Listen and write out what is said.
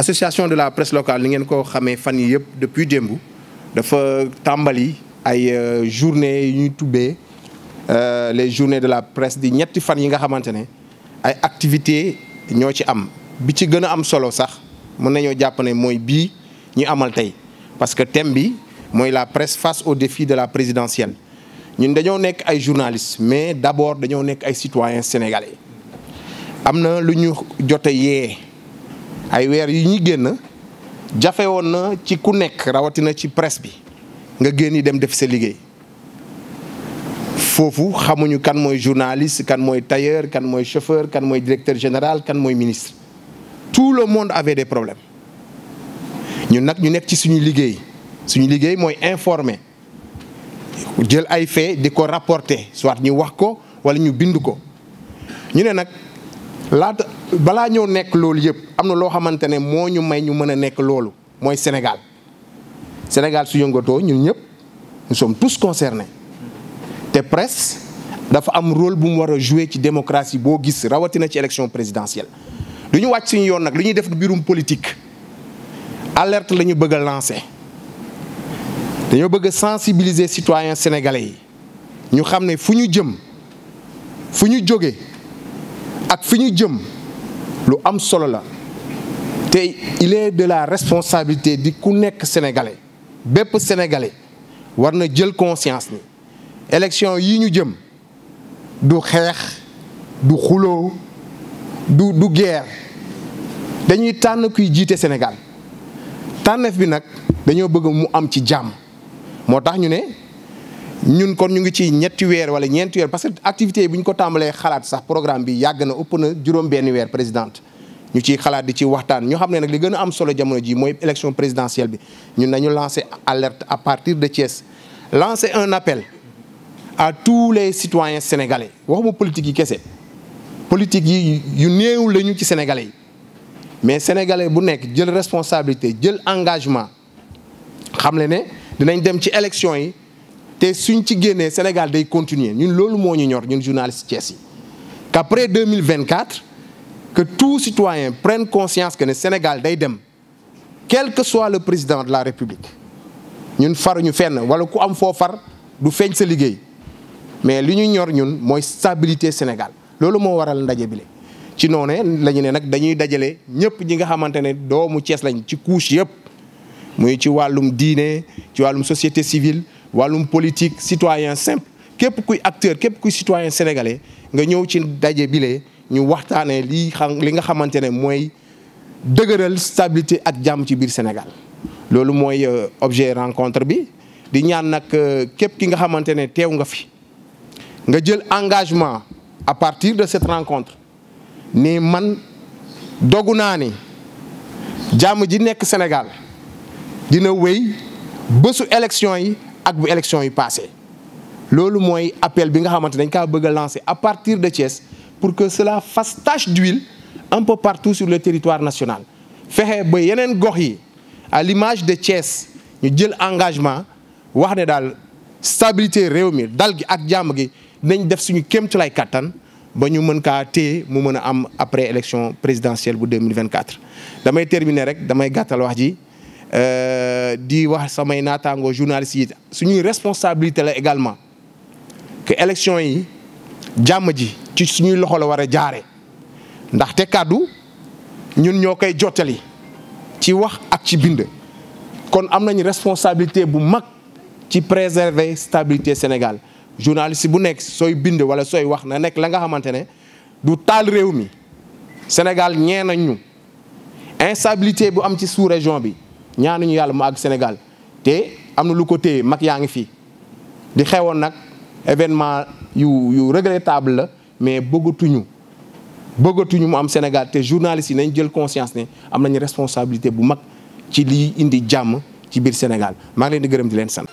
association de la presse locale ni ngeen ko xamee fan yi yëpp depuis démb dafa tàmbali ay euh, journée yu ñuy tubbee euh, les journées de la presse di ñetti fan yi nga xamante ne ay activités ñoo ci am bi ci gën a am solo sax mën nañoo jàpp ne mooy bii ñu amal tey parce que thème bi mooy la presse face aux défis de la présidentielle ñun dañoo nekk ay journalistes mais d'abord dañoo nekk ay citoyens sénégalais am na lu ñu jote yee ay weer yu ñuy génn jafe woon na ci ku nekk rawatina ci presse bi nga génn dem def sa liggéey foofu xamuñu kan mooy journaliste kan mooy tailleur kan mooy chauffeur kan mooy directeur général kan mooy ministre tout le monde avait des problèmes ñun nag ñu nekk ci suñu liggéey suñu liggéey mooy informer jël ay fait di ko rapporter soit ñu wax ko wala ñu bind ko ñu ne nag laata balaa ñëw nekk loolu yëpp am na loo xamante ne moo ñu may ñu mën a nekk loolu mooy Sénégal Sénégal su yëngatoo ñun ñëpp nous sommes tous concernés te presse dafa am rôle bu mu war a jouer ci démocratie boo gis rawatina ci élection présidentielle. du ñu wàcc suñu yoon nag lu ñuy def mbirum politique alerte la ñu bëgg a dañoo bëgg a sensibiliser citoyens sénégalais yi ñu xam ne fu ñu jëm fu ñu jóge ak fu ñu jëm. lu am solo la te il est de la responsabilité di ku nekk sénégalais bépp sénégalais war na jël conscience ni élection yi ñu jëm du xeex du xuloo du du guerre dañuy tànn kuy jiite Sénégal tànneef bi nag dañoo bëgg mu am ci jàmm moo tax ñu ne ñun kon ñu ngi ci ñettiweer weer wala ñeenti weer parce que activité bi ñu ko tàmbalee xalaat sax programme bi yàgg na ëpp na juróom benn weer présidente ñu ciy xalaat di ci waxtaan ñu xam ne nag li gën a am solo jamono ji mooy élection présidentielle bi ñun nañu lancé alerte à partir de Thiès lancer un appel à tous les citoyens sénégalais waxuma politique yi kese politique yi yu néew lañu ci sénégalais yi mais sénégalais bu nekk jël responsabilité jël engagement xam ne ne dinañ dem ci élection yi te suñ ci génnee Sénégal day continuer ñun loolu moo ñu ñor ñun journaliste Thiès yi qu'après 2024 que tout citoyen prenne conscience que ne Sénégal day dem quel que soit le président de la République ñun far ñu fenn wala ku am foo far du feeñ sa liggéey mais li ñu ñor ñun mooy stabilité Sénégal loolu moo waral ndaje bi ci noonu la ñu ne nag dañuy dajale ñëpp ñi nga xamante ne doomu cees lañ ci couche yëpp muy ci wàllum diine ci wàllum société civile wàllum politique citoyen simple képp kuy acteur képp kuy citoyen sénégalais nga ñëw ci daje bile ñu waxtaanee lii xam li nga xamante ne mooy dëgëral stabilité ak jàmm ci biir Sénégal. loolu mooy euh, objet rencontre bi di ñaan nag euh, képp ki nga xamante ne teew nga fi nga jël engagement à partir de cette rencontre ni man dogu naa ni jàmm ji nekk Sénégal dina wéy bésu élection yi. ak bu élection yi passé loolu mooy appel bi nga xamante dañ kaa bëgg a lancer à partir de Thiès pour que cela fasse tache d'huile un peu partout sur le territoire national fexe ba yeneen gox yi à l'image de Thiès ñu jël engagement wax ne daal stabilité réew mi dal gi ak jàmm gi dañ def suñu kéemtulaay kattan ba ñu mën kaa téye mu mën a am après élection présidentielle bu 2024 damay terminer rek damay gàttal wax ji Euh, di wax samay naataangoo journalistes yi suñuy responsabilité la également que élection yi jàmm ji ci suñuy loxo la war a jaare ndaxte kàddu ñun ñoo koy jottali ci wax ak ci bind kon am nañu responsabilité bu mag ci préserver stabilité Sénégal journaliste bu nekk sooy bind wala sooy wax na nekk la nga xamante ne du taal réew mi Sénégal ñee nañ ñu instabilité bu am ci sous-région bi ñaanuñu yàlla mu àgg Sénégal te am na lu côté téye mag yaa ngi fii di xewoon nag événement yu yu regrettable la mais bëggatuñu bëggatuñu mu am Sénégal te journalistes yi nañ jël conscience ne am nañu responsabilité bu mag ci liy indi jàmm ci biir Sénégal maa leen di gërëm di leen sant.